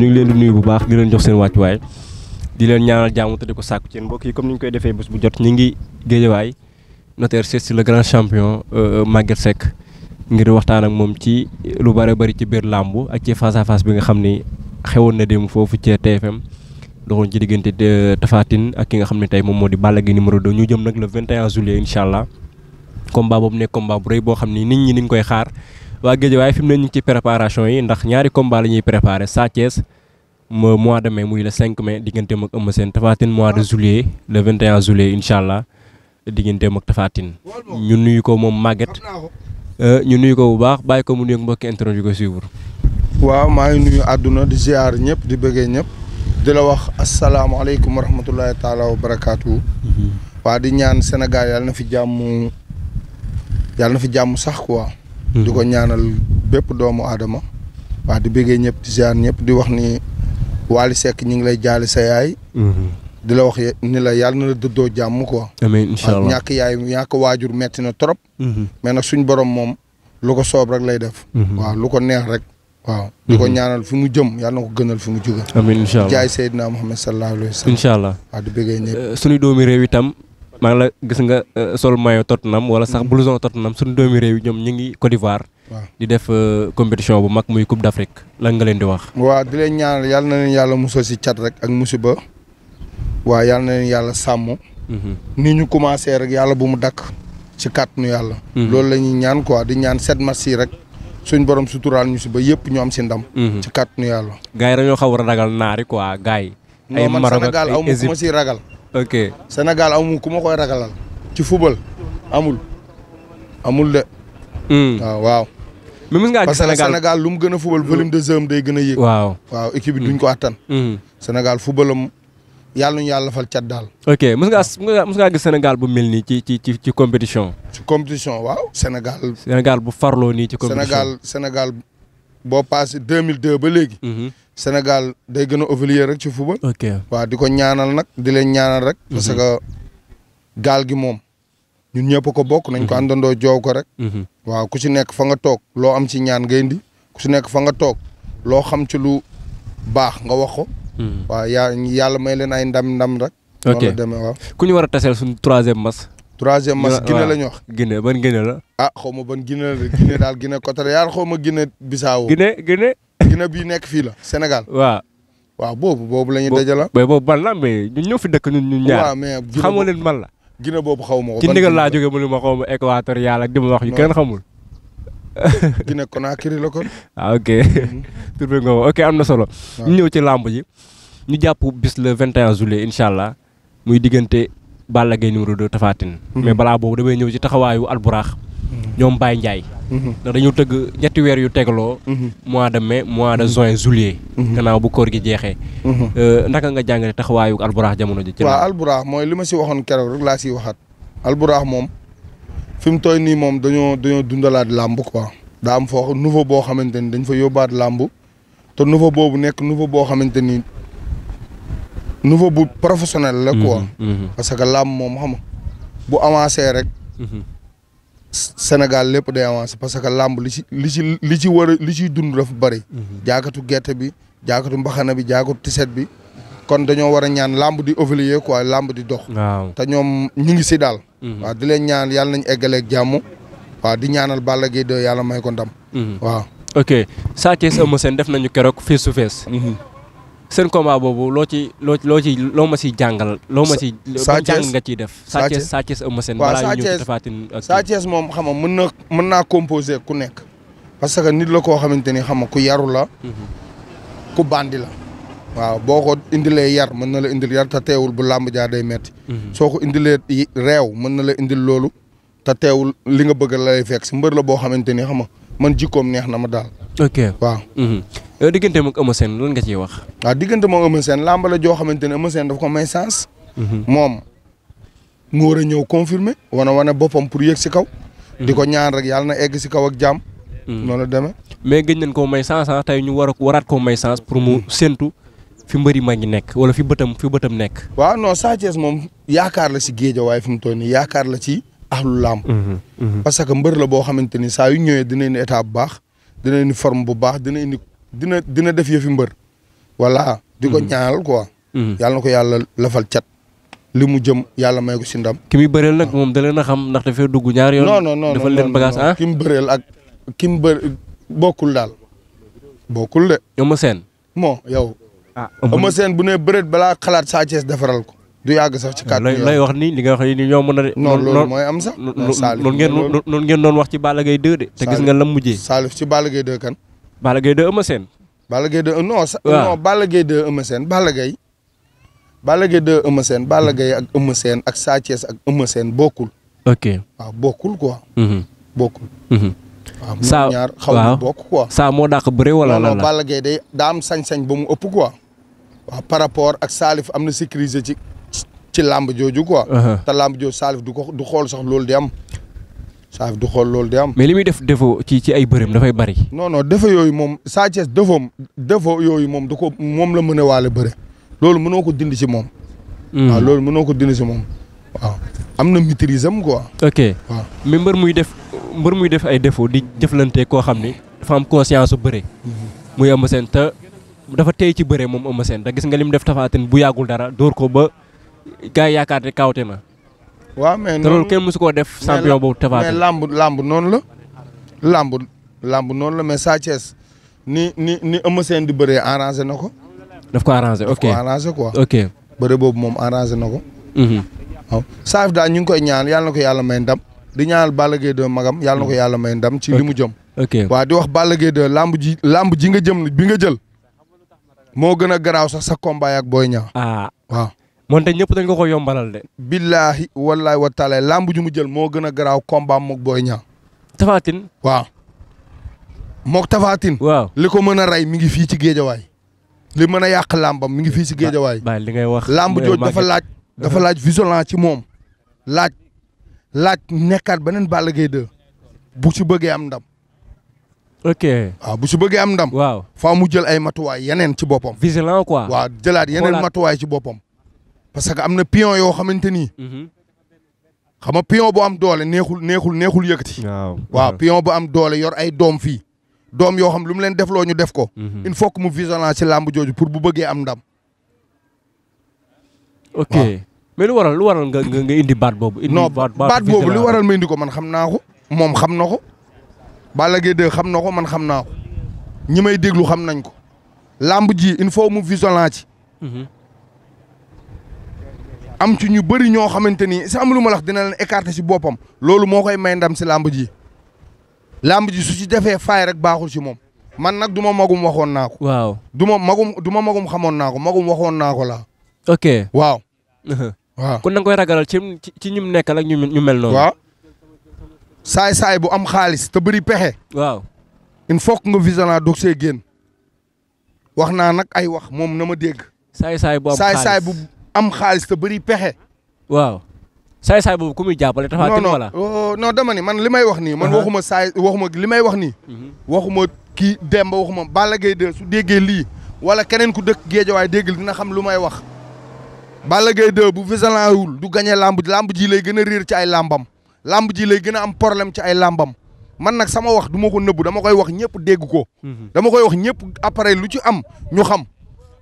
ñu ngi leen du nuy bu baax di leen jox seen wàccuwaay di leen ñaanal jàmm te ko sàkku ci mbokk yi comme ni ñu koy defee bés bu jot ñu ngi géejawaay notaire c'est le grand champion euh, euh, Maguette Seck ngir waxtaan ak moom ci lu bare bari ci biir làmbu ak ci face à bi nga xam ni xewoon na démb foofu ci TFM doxon ci digënté Tapha Tine ak ki nga xamné tay mom modi moo Balla Gaye numéro 2 ñu jëm nak le 21 juillet inshallah combat bobu nekk combat bu reuy bo xam nit ñi ni ñu koy xaar wa géej way fi mu ci préparation yi ndax ñaari combat lañuy préparer préparé Sa Thiès mois de mai muy le 5 mai digënté mak ëmm sen Tapha mois de juillet le 21 juillet inshallah digënté mak ak ñu nuyu ko mom maget euh ñu nuyu ko bu baax bay ko mu nuyu mbokk internet yu ko suivre. waaw ma ngi nuyu aduna di ziar ñep di bëggee ñep dila la wax asalaamaaleykum wa rahmatullahi taala wa hmm wa di ñaan senegal yalla na fi jamm yalla na fi jamm sax quoi. Mhm. di ko ñaanal bépp doomu adama wa di bëggee ñëpp di ziar ñëpp di wax ni wali sek ñi ngi lay jaali sa yaay. hmm dila wax ni la yalla na do quoi. inshallah yaay ñak waajur metti na trop. Mhm. mais nak suñ borom mom luko soob rek lay def. Mhm. waaw lu neex rek waaw mhm. di ko ñaanal fi mu jëm yàlla na ko gënal fi mu jóge amiin incha allah jaay Seydina Mohamed sallallahu alayhi wa sallam incha allah waaw di bëggee ñëpp eh, suñu doomi réew itam maa ngi la gis nga eh, sol maillot Tottenham wala sax mhm. blouson Tottenham suñu doomi réew ñoom ñu ngi Côte d'Ivoire di def eh, compétition bu mag muy Coupe d'Afrique lan nga leen di wax waaw di leen ñaanal yàlla na leen yàlla musal si cat rek ak musiba waaw yàlla na leen yàlla sàmm mhm. ni ñu commencé rek yàlla bu mu dakk ci kàttanu yàlla loolu la ñuy ñaan quoi di ñaan sept matchs rek suñ borom suturaal ñu si ba yëpp ñu am si ndam. Mhm. ci kàttanu yàlla. gars yi dañoo xaw a ragal naari quoi gars yi. ay Maroc ak ay Égypte ku ma siy ragal. ok Sénégal amu ku ma koy ragalal. ci football amul. amul de. waaw hmm. ah, waaw. mais mën ngaa gis Sénégal parce que Sénégal mu gën a football de day gën a yéeg. waaw waaw équipe bi hmm. ko attan. Hmm. Sénégal footballam yàlla ñu yàlla fal cat daal. ok mës ngaa mës gis Sénégal bu mel nii ci ci ci ci compétition. ci compétition waaw Sénégal. Sénégal bu farloo nii ci compétition Sénégal Sénégal boo passé 2002 ba léegi. Mhm. Sénégal day gën a évoluer rek ci football. ok waaw di ko ñaanal nag di leen ñaanal rek. Mhm. parce que gaal gi moom ñun ñëpp ko bokk. nañ ko mhm. àndandoo joow ko rek. waaw ku si nekk fa nga toog loo am ci ñaan ngay indi ku si nekk fa nga toog loo xam ci lu baax nga wax ko. Hmm. waaw yaa yàlla may leen ay ndam ndam rek. ok ku ñu war a taseel suñu troisième mas. troisième mas Guinée la ñu wax. Guinée ban Guinée la. ah xaw ma ban gina la Guinée daal Guinée Equatoriale xaw ma Guinée Bissau. Guinée Guinée. Guinée bii nekk fii la Sénégal. waaw. waaw boobu boobu la ñuy dajala. mais boobu ban la mais ñun ñoo fi dëkk ñun ñun ñaar. waaw mais Guinée xamoo leen ban la. Guinée boobu xaw ma ko. laa jógee mu ne ma xaw ma Equatoriale di ma wax yu kenn xamul. Guinée Conakry la kon. ah ok mhm. tur beeg nga ok am na solo. ñu ñëw ci làmb ji. ñu jàpp bis le 21 juillet incha allah muy diggante Balla Gaye numéro 2 Tapha Tine. Mhm. mais balaa boobu damay ñëw ci taxawaayu Alburaax. Mhm. ñoom Baye Ndiaye. ndax dañu tëgg ñetti weer yu tegaloo. mois de mais mois de juin juillet. gannaaw bu koor gi jeexee. Euh, naka nga jàngale taxawaayu Alburaax jamono ji. ci waaw Alburaax mooy li ma si waxoon keroog rek laa siy waxaat. Alburaax moom. fi mu tooy nii moom dañoo dañoo dundalaat làmb quoi daa am foo nouveau boo xamante ni dañ fa yóbbaat làmb te nouveau boobu nekk nouveau boo xamante ni nouveau bu professionnel la quoi mhm, mhm. parce que làmb moom xam nga bu avancé rek mhm. Sénégal lépp day avancé parce que làmb li ci li ci li ci war a li ciy dund dafa bëri jaakatu gerte bi jaakatu mbaxana bi jaakatu tiset bi kon dañoo war a ñaan làmb di évoluer quoi làmb di dox te ñoom ñu ngi si daal Mm-hmm. waaw di leen ñaan yàlla nañ eggaleeg jàmm waa di ñaanal Balla Gaye 2 yàlla may ko ndam. Mm-hmm. waaw ok def nañu keroog face to face. Mm-hmm. seen combat boobu loo ci loo loo ci loo ma si jàngal. loo ma si ban jàng nga ciy def. Sa Thiès Sa Thiès Eumeu Sène. balaa ñu tafaatin ak Sa moom xam nga mën na mën naa composé ku nekk. parce que nit la koo xamante ni xam nga ku yaru la. ku bandi la. waaw boko indilé yar mën na la indil yar ta téwul bu lamb jaa day metti mhm. soko indilé indilee mën na la indil lolu ta téwul li nga bëgg la lay fekk si la bo xamanteni xam nga man jikom neex na ma dal ok waaw. yow mhm. euh, diggante moom Eumeu sen lan nga ci wax. waaw diggante moom sen lamb la jo xamanteni ne sen ko may sens. Mhm. ñëw confirmer wana wana bopam pour yegg si kaw. diko ñaan rek yalla na egg ci kaw ak jam non la démé mais gën nañ ko may sens ah, tay ñu war a may sens pour mu sentu fi mbeuri magi nek wala fi beutam fi beutam nek wa non Sa Thiès moom la si géej way fim toni toll la ci ahlu lam mhm, mhm. parce que mbeur la bo xamanteni sa yu ñewé dina indi état bu baax dina indi forme bu baax dina indi dina dina def yëfi mbeur wala diko mhm. ñaal quoi. yalla nako yalla lafal cat. limu jëm yalla may ko ci ndam. kimi beurel nak mom da leena xam ndax dafay dugg ñaar yoon. non non non leen bagage ah. ki beurel ak ki beur bokul dal bokul de. ñoom seen. bon yow ah Eumeu Sène bu ne bëreet balaa xalaat Sa Thiès defaral ko. du yàgg sax ci kàddu yi lay wax nii li nga wax nii yomb na de. non loolu mooy am sax. loolu ngeen loolu wax ci Balla Gaye 2 de. te gis nga lam mujjee. Salif ci Balla Gaye 2 kan. Balla Gaye euh, sa. waaw non Balla Gaye 2 Eumeu Sène Balla Gaye. Balla Gaye 2 Eumeu Sène Balla Gaye ak Eumeu Sène ak Sa Thiès ak Eumeu bokkul. ok waaw bokkul quoi. Mhm. Mhm. ma bokk quoi. saa moo dàq bëre wala lan la non Balla Gaye day daa am sañ-sañ ba mu ëpp quoi. waaw par rapport ak Salif am na sécuriser ci ci làmb jooju quoi. Uh-huh. te làmb jooju Salif du ko du xool sax loolu di am. Salif du xool loolu di am. mais li muy def defoo ci ci ay bërëm dafay bari. non non yooyu moom Sa Thiès defoom defoo yooyu moom du ko moom la mën a waale bëre loolu mënoo ko dindi ci moom. Hmm. waaw loolu mënoo ko dindi ci moom waaw. am na maîtrise am quoi. ok waaw mbër muy def mbër muy def ay défaut di jëflante koo xam ni dafa am conscience su bëre. Mhm. dafa tey ci bëre moom Eumeu Sène te gis nga lim def Tapha Tine bu yàggul dara door ko ba gars yi yaakaar ne kaawte na. waaw mais te loolu mësu koo def. champion boobu Tapha Tine mais lamb la. lamb lamb noonu la mais ni ni ni Eumeu Sène arrangé na ko. daf ko arrangé ok daf ko arrangé boobu moom arrangé na ko. Mhm. waaw saaf daal koy ñaan yàlla ko yàlla may ndam di ñaanal Balla Gaye 2 na ko mhm. yàlla may ci li mu jëm. ok waaw di ji lamb ji nga jëm bi nga jël. moo gën a garaaw sax sa combat ak Boy Niang. ah waaw. moonte ñëpp dañ ko ko yombalal de. billaahi wallaahi wa taala làmb ju mu jël moo gën a garaaw combat mook Boy Niang. Tapha Tine. waaw mook Tapha li ko mën a rey mi ngi fii ci géejawaay. li mën a yàq làmbam mi ngi fii si géejawaay. waaw li ngay wax làmb jooju dafa laaj. dafa laaj violence ci moom. laaj laaj nekkaat beneen Balla Gaye 2 bu ci bëggee am ndam. ok ah, bu si bëggee am ndam. waaw mu jël ay matuwaay yeneen ci boppam. vigilant quoi waaw jëlaat yeneen matuwaay ci boppam. parce que am na pion yoo xamante ni. Mhm. xam nga pion bu am doole neexul neexul neexul yëkkati. waaw waaw pion bu am doole yor ay doom fii. doom yoo xam lu mu leen defloo ñu def ko. Mhm. il faut que mu vigilant ci làmb jooju pour bu bëggee am ndam. ok mais lu waral lu waral nga nga indi baat boobu. indi baat boobu li waral ma indi ko man xam naa ko moom xam na ko. Balla Gaye 2 xam na ko man xam naa ko ñi may déglu xam nañ ko làmb ji il faut mu vigilant ci. Mhm. am ci ñu bëri ñoo xamante ni sa lu ma lax dina leen écarter si boppam loolu moo koy may ndam si làmb ji làmb ji su si defee fay rek baaxul si moom man nag du ma magum waxoon naa ko. waaw du ma magum du ma magum xamoon naa ko magum waxoon naa ko laa. ok waaw. waaw kon na koy ragalal ci ci ñi mu ak ñu mel noonu. saay-saay bu am xaalis te bëri pexe. waaw il faut nga vigilant doog see génn wax naa nag ay wax moom na ma dégg. saay-saay bu am xaalis saay bu am xaalis te bëri pexe. waaw saay-saay boobu ku muy jàppale. Tapha a wala non oh, non dama ni man li may wax nii. man uh-huh. waxuma saay waxuma li may wax ni uh-huh. waxuma kii demb waxuma Balla Gaye de su déggee lii. wala keneen ku dëkk géejawaay dégg dina xam lu may wax. bala gay 2 bu vigilant wul du gagné lamb lamb ji lay gën a réer ci ay lambam. lamb ji lay gën a am problème ci ay lambam man nag sama wax du ma ko nëbbu dama koy wax ñëpp dégg ko. Mhm. dama koy wax ñëpp appareil lu ci am ñu xam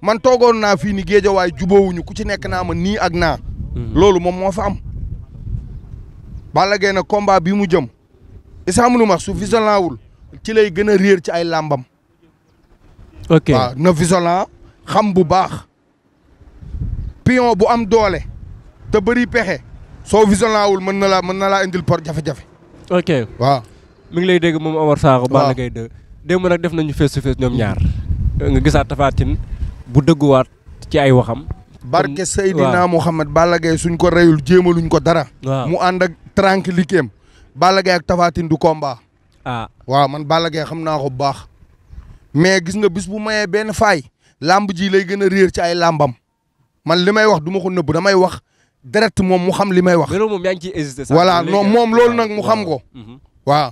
man toogoon naa fii ni géej géejawaay jubóowuñu ku ci nekk naa ma nii ak naa. Mhm. loolu moom moo fa am. Balla Gaye na combat bi mu jëm isam lu max su vigilant wul ci lay gën a réer ci ay lambam. na vigilant xam bu baax. pion bu am doole te bëri pexe. soo visionné wul mën na laa mën na laa indil por jafe-jafe. ok waaw. mi ngi lay dégg moom Omar Sakho. waaw Balla Gaye 2 démb nag def nañu face to face ñoom ñaar. nga gisaat Tapha bu dëgguwaat ci ay waxam. barke Seydina Mouhamed Balla Gaye suñ ko reyul jéemaluñ ko dara. mu ànd ak tranquillité am Balla Gaye ak Tapha Tine du combat. ah waaw man Balla Gaye xam naa ko bu baax. mais gis nga bis bu mayee benn faay. làmb ji lay gën a réer ci ay làmbam. man li may wax du ma ko nëbb damay wax. direct moom mu xam li may wax. loolu moom yaa ngi ciy sax. voilà non moom loolu nag mu xam ko. Mhm. waaw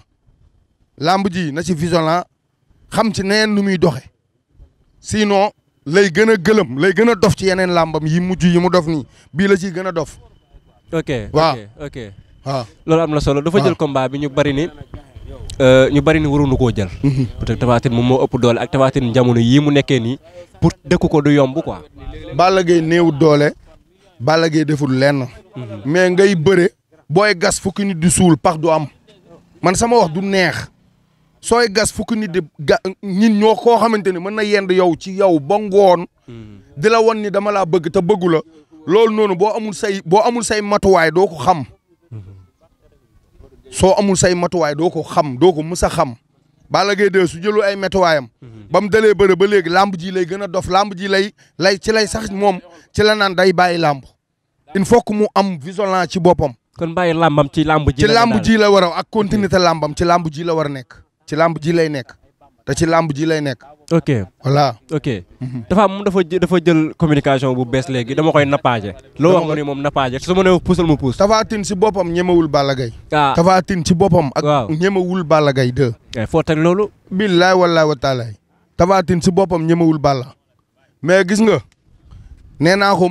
làmb ji na ci vigilant xam ci neneen nu muy doxee sinon lay gën a gëlëm lay gën a dof ci yeneen làmbam yi mujj yi mu dof nii bii la ciy gën a dof. ok waa ok waaw. loolu am na solo dafa jël combat bi ñu bari ni euh, ñu bari ni waruñu koo jël. Mhm. peut-être Tapha Tine moom moo ëpp doole ak Tapha jamono yii mu nekkee nii pour dëkku ko du yomb quoi. Balla Gaye néew doole. bala Gaye deful lenn. Mhm. mais ngay bëre. booy gas fukki nit di suul pax du am. man sama wax du neex. sooy gas fukki nit di ga ñin ñoo koo xamante ni mën na yend yow ci yow ba ngoon. Mhm. di la wan ni dama laa bëgg te bëggula loolu noonu boo amul say boo amul say matuwaay doo ko xam. Mhm. soo amul say matuwaay doo ko xam doo ko mës a xam. Balla Gaye 2 su jëlul ay métuwaayam mhm. ba mu dalee bëre ba léegi lamb ji lay gën a dof lamb ji lay lay ci lay sax moom ci la naan day bàyyi lamb il faut que mu am violence ci boppam. kon bàyyi lambam ci lamb ji. ci lamb la war a ak te mhm. lambam ci lamb ji la war a nekk. ci lamb ji lay nekk. te ci làmb ji lay nekk. ok voilà. ok mhm. dafa am dafa dafa jël communication bu bees léegi dama koy nappaaje. loo wax ma ni moom nappaaje su ma nee puusal ma puus. Tapha Tine si boppam ñemewul Balla Gaye. ah Tapha si boppam. ak ñemewul Balla gay 2. Eh, foo teg loolu. billaay wallaay wa taala Tapha si boppam ñemewul Balla. mais gis nga nee naa ko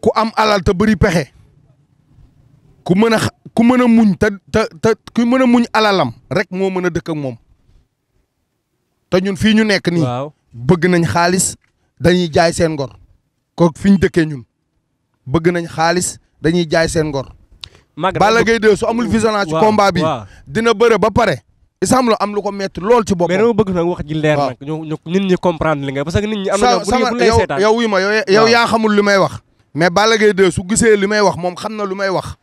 ku am alal te bëri pexe ku mën a ku mën a muñ te te te ku mën a muñ alalam rek moo mën a dëkk moom. te ñun fii ñu nekk nii. bëgg nañ xaalis dañuy jaay seen ngor. ko fi ñu dëkkee ñun bëgg nañ xaalis dañuy jaay seen ngor. mag Balla Gaye 2 su amul visionnaire ci combat bi dina bëre ba pare. isamlo am lu ko metti lool ci boppam. mais dama bëgg nag wax ji leer nag. ñu nit ñi comprendre li nga parce que nit ñi. am na bu lay seetaan yow wuy ma yow yaa xamul li may wax. mais Balla Gaye su gisee li may wax moom xam na lu may wax.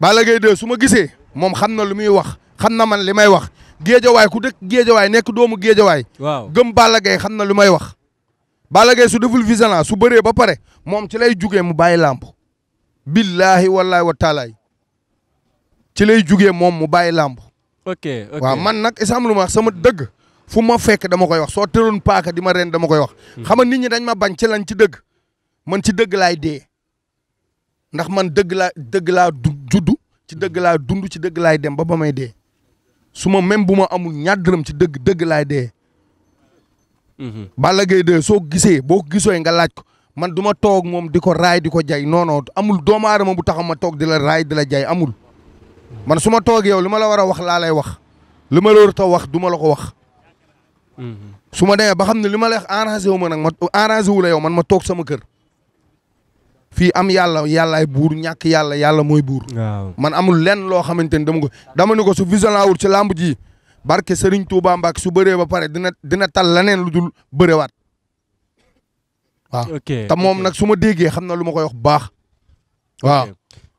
Balla Gaye su ma gisee moom xam na lu muy wax xam na man li may wax géejawaay ku géej géejawaay nekk doomu géejawaay. waaw gëm Balla Gaye xam na lu may wax. Balla Gaye su deful vigilant su baree ba pare moom ci lay jugee mu bàyyi làmb. billaahi wallaahi wa taalaay ci lay jugee moom mu bàyyi làmb. ok waaw man nag isam lu ma sama dëgg. fu ma fekk dama koy wax soo tëroon paaka di ma reen dama koy wax. Hmm. xam nit ñi dañ ma bañ ci lañ ci dëgg. man ci dëgg laay dee. ndax man dëgg laa dëgg laa du ci dëgg laa dund ci dëgg laay dem ba ba may dee. su ma même bu ma amul ñaar dërëm ci dëgg dëgg laay dee. Balla Gaye 2 soo gisee boo ko gisooy nga laaj ko man duma toog moom di ko raay di ko jay non non amul doomu aadama bu taxam ma toog di la raay di la jay amul. man su ma toog yow li ma la war a wax laa lay wax li ma la war a wax duma la ko wax. Mhm. su ma demee ba xam ne li ma la wax arrangé wu ma nag ma arrangé wu yow man ma toog sama kër. fii am yàlla yàllaay buur ñàkk yàlla yàlla mooy buur. man amul len loo xamante ni dama ko dama ni ko su visionnaire wul ci làmb ji barke Serigne Touba Mbacke su bëree ba pare dina dina tal leneen lu dul bërewaat. waaw te moom nag su ma déggee xam na lu ma koy wax bu baax. waaw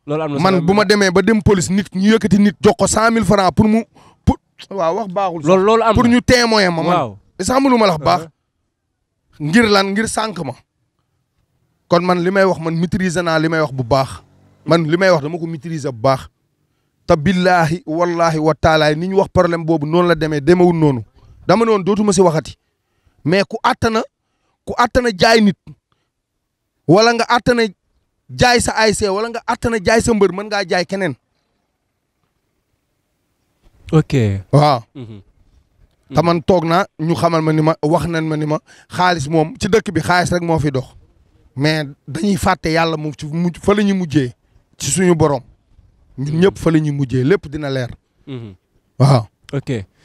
loolu am na man bu ma demee ba dem police nit ñu yëkkati nit jox ko cent mille francs pour mu pour. waa wax baaxul. loolu loolu am pour ñu témoin ma man. waaw lu ma la baax. Uh-huh. ngir lan ngir sànq ma. kon man li may wax man maîtriser naa li may wax bu baax man li may wax dama ko maîtriser bu baax te billaahi wallaahi wa taalaay ni ñu wax problème boobu noonu la demee demewul noonu dama noonu dootuma si waxati mais ku àttana ku àttana jaay nit wala nga àttana jaay sa ASC wala nga àttana jaay sa mbër man ngaa jaay keneen. ok waaw. Mhm. te man toog naa ñu xamal ma ni ma wax nañ ma ni ma xaalis moom ci dëkk bi xaalis rek moo fi dox. mais dañuy fàtte yàlla mu ci mujj fa ñu mujjee ci suñu borom. ñun ñëpp fa la ñu mujjee lépp dina leer. Mhm. waaw.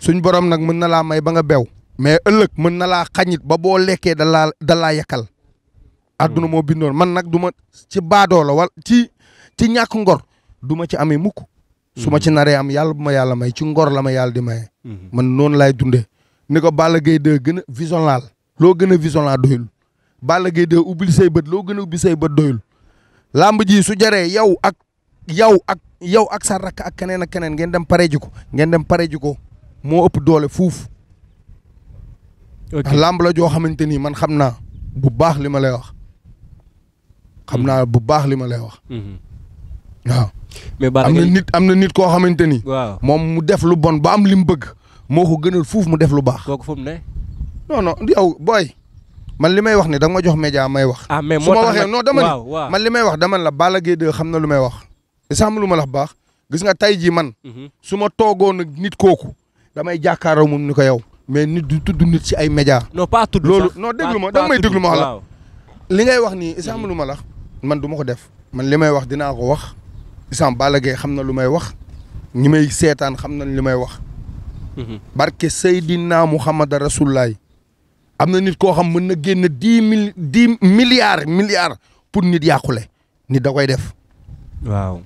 suñu borom nag mën na laa may ba nga bew. mais ëllëg mën na laa xañit ba boo lekkee da laa da laa yekkal. adduna mhm. moo bindoon man nag du ma ci baadoo la ci ci ñàkk ngor duma ma ci amee mukk. suma mhm. ci naree am yàlla bu ma yàlla may ci ngor la ma yàlla di maye. man noonu laay dundee. ni ko Balla Gaye de gën a vision laal loo gën a vision laa doyul. Balla Gaye de ubbil bët loo gën a ubbi say bët doyul làmb ji su jaree yow ak yow ak yow ak sa rakk ak keneen ak keneen ngeen dem pare ji ko ngeen dem pare ji ko moo ëpp doole fuuf. ok làmb la joo xamante ni man xam naa bu baax li ma lay wax. xam hmm. naa bu baax li ma lay wax. Hmm. waaw. mais Balla am na nit am na nit koo xamante ni. moom mu def lu bon ba am li mu bëgg moo ko gënal fuuf mu def lu baax. kooku fu mu ne. non non yow booy. man li may wax ni da jox média may wax. ah mais moo tax su ma waxee non dama ni man li may wax dama la Balla Gaye 2 xam na lu may wax. isam lu ma la baax gis nga tey jii man. Mhm. su ma toogoon ak nit kooku damay jàkkaaroo moom ni ko yow. mais nit du tudd nit ci ay média. non pas tudd loolu non déglu ma danga ma wax li ngay wax nii isam lu ma la man duma ko def. man li may wax dinaa ko wax isam Balla Gaye xam na lu may wax ñi may seetaan xam nañ li may wax. Mhm. barke Seydina Muhammad Rasulullah am na nit koo xam mën na génn dix mille dix milliards milliards pour nit yàqule nit da koy def. waaw.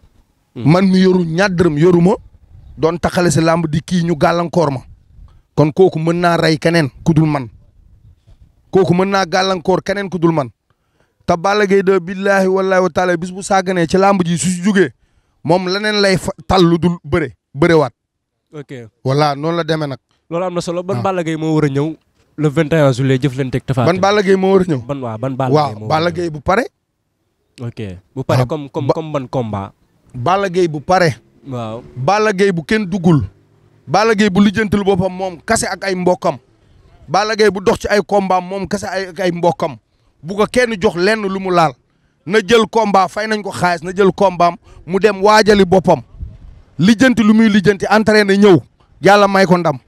Hmm. man mi yoru ñaar dërëm yoru ma doon taxale si làmb di kii ñu gàllankoor ma. kon kooku mën naa rey keneen ku man kooku mën naa gàllankoor keneen ku dul man te Balla de billaahi wallaahi wa taala bis bu sàgganee ci làmb ji su si jógee moom leneen lay tal lu dul bëre bëre waat. walla voilà noonu la demee nag. loolu am na solo ban ah. Balla moo war a ñëw. le 21 juillet jëflanteeg Tapha Tine. ban Balla Gaye moo war a ñëw. ban waaw ban Balla waaw Balla Gaye bu pare. ok bu pare ah, comme comme comme ban bu pare. waaw bu kenn duggul. Balla bu lijjantul boppam moom kase ak ay mbokkam. Balla bu dox ci ay kombaam moom kase ay ak ay mbokkam. bu ko kenn jox lenn lu mu laal. na jël combat fay nañ ko xaalis na jël combat mu dem waajali boppam. lijjanti lu muy lijjanti entraîné ñëw. yàlla may ko ndam.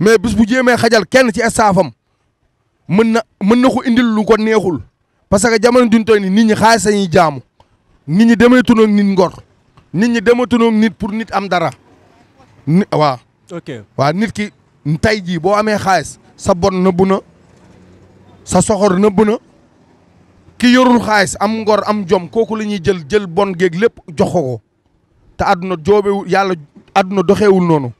mais bis bu jéemee xajal kenn ci esaafam mën na mën na ko indil lu ko neexul parce que jamono duñ toll nii nit ñi xaalis sañuy jaamu nit ñi demeetuñu nit ngor nit ñi demeetuñu nit pour nit am dara ni waaw. nit ki tey jii boo amee xaalis sa bon nëbbu na sa soxor nëbbu na ki yorul xaalis am ngor am jom kooku la ñuy jël jël bon géeg lépp jox ko ko te àdduna joobewul yàlla àdduna doxeewul noonu.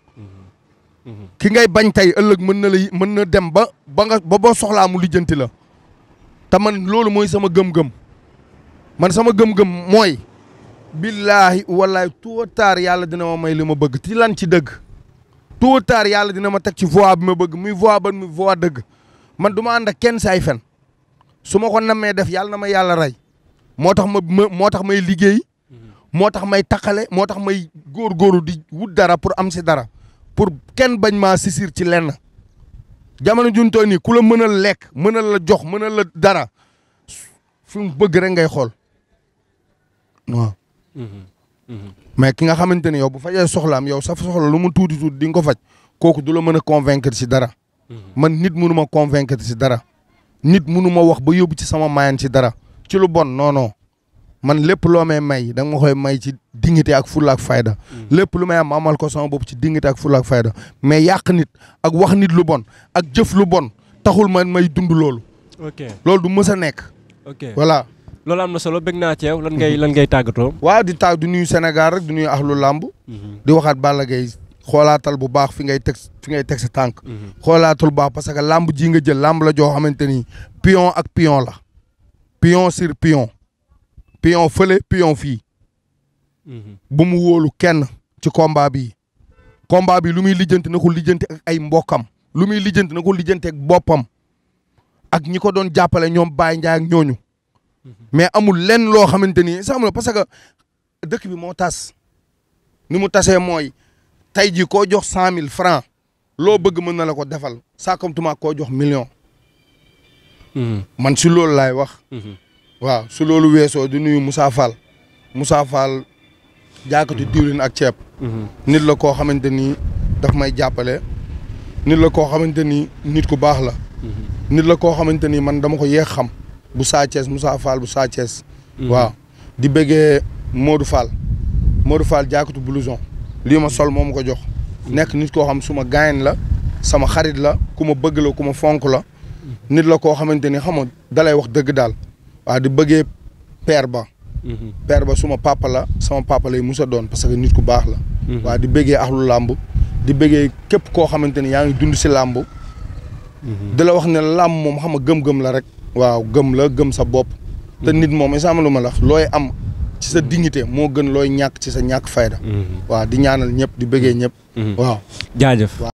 ki ngay bañ tey ëllëg mën na la mën na dem ba ba nga ba boo soxlaa mu lijjanti la te man loolu mooy sama gëm-gëm man sama gëm-gëm mooy billaahi wallaahi tôt ou tard yàlla dina ma may li ma bëgg ci lan ci dëgg tôt ou tard yàlla dina ma teg ci voie bi ma bëgg muy voie ban muy voie dëgg man du ma ànd ak kenn saay fen su ma ko nammee def yàlla na ma yàlla rey moo tax ma moo tax may liggéey mhm. moo tax may taqale moo tax may góor góorgóoru di wut dara pour am si dara pour kenn bañ maa sisir ci lenn jamono junto ni ku la mënal lekk mënal la jox mënal la dara fi mu bëgg rek ngay xool waaw. mais ki nga xamante ni yow bu fajee soxlaam yow sa soxla lu mu tuuti tuuti di ko faj kooku du la mën a convaincre dara. man nit mënu ma convaincre ci dara. nit mënu ma wax ba yóbbu ci sama mayan ci dara ci lu bon noonoo man lepp lo may may da nga ma koy may ci dignité ak fulla ak fayda mm. lepp lu may am amal ko sama bop ci dignité ak fulla ak fayda mais yak nit ak wax nit lu bon ak jëf lu bon taxul man may dund lolu ok lolu du mësa nek ok voilà. lolu am na solo begna ci yow lan ngay lan ngay tagato wa di tag du nuyu Sénégal rek du nuyu ahlul lamb mm-hmm. di waxat Balla gay xolatal bu baax fi ngay tek fi ngay tek sa tank mm-hmm. xolatul baax parce que lamb ji nga jël lamb la joo xamanteni pion ak pion la pion sur pion. pion fële pion fii. Mhm. bu mu wóolu kenn ci combat bi combat bi lu muy lijjanti na ko lijjanti ay mbokkam. lu muy lijjanti na ko lijjanti ak boppam ak ñi ko doon jàppale ñoom Baye Ndiaye ñooñu. Mhm. mais amul lenn loo xamante ni sax parce que dëkk bi moo tas. ni mu tasee mooy tey jii koo jox cent mille franc loo bëgg mën na la ko defal. sàkkamtuma koo jox million. Mhm. man si loolu laay wax. waaw su loolu weesoo di nuyu Moussa Fall Moussa Fall jaakatu diwlin ak ceeb. Mhm. nit la koo xamante ni daf may jàppale. nit la koo xamante ni nit ku baax la. Mhm. nit la koo xamante ni man dama ko yeex xam. bu Sa Thiès Moussa Fall bu Sa Thiès. Mhm. waaw di bëggee Modou Fall. Modou Fall jaakatu blouson. lii ma sol moom ma ko jox. nekk nit koo xam suma gaayen la. sama xarit la ku ma bëgg la ku ma fonk la. nit la koo xamante ni xam nga dalay wax dëgg daal. a di bëggee père ba mhm. père ba suma papa la sama papa lay musa doon parce que nit ku baax la mhm. wa di bëggee ahlul lamb di bëggee képp ko xamanteni ya ngi dund si làmb mhm. di la wax ne lamb mom xama gëm-gëm la rek waaw gëm la gëm sa bop te nit mom isaama lu la loy am ci sa dignité mo gën loy ñak ci sa ñak fayda wa di ñaanal ñëpp di bëggee ñëpp waaw wa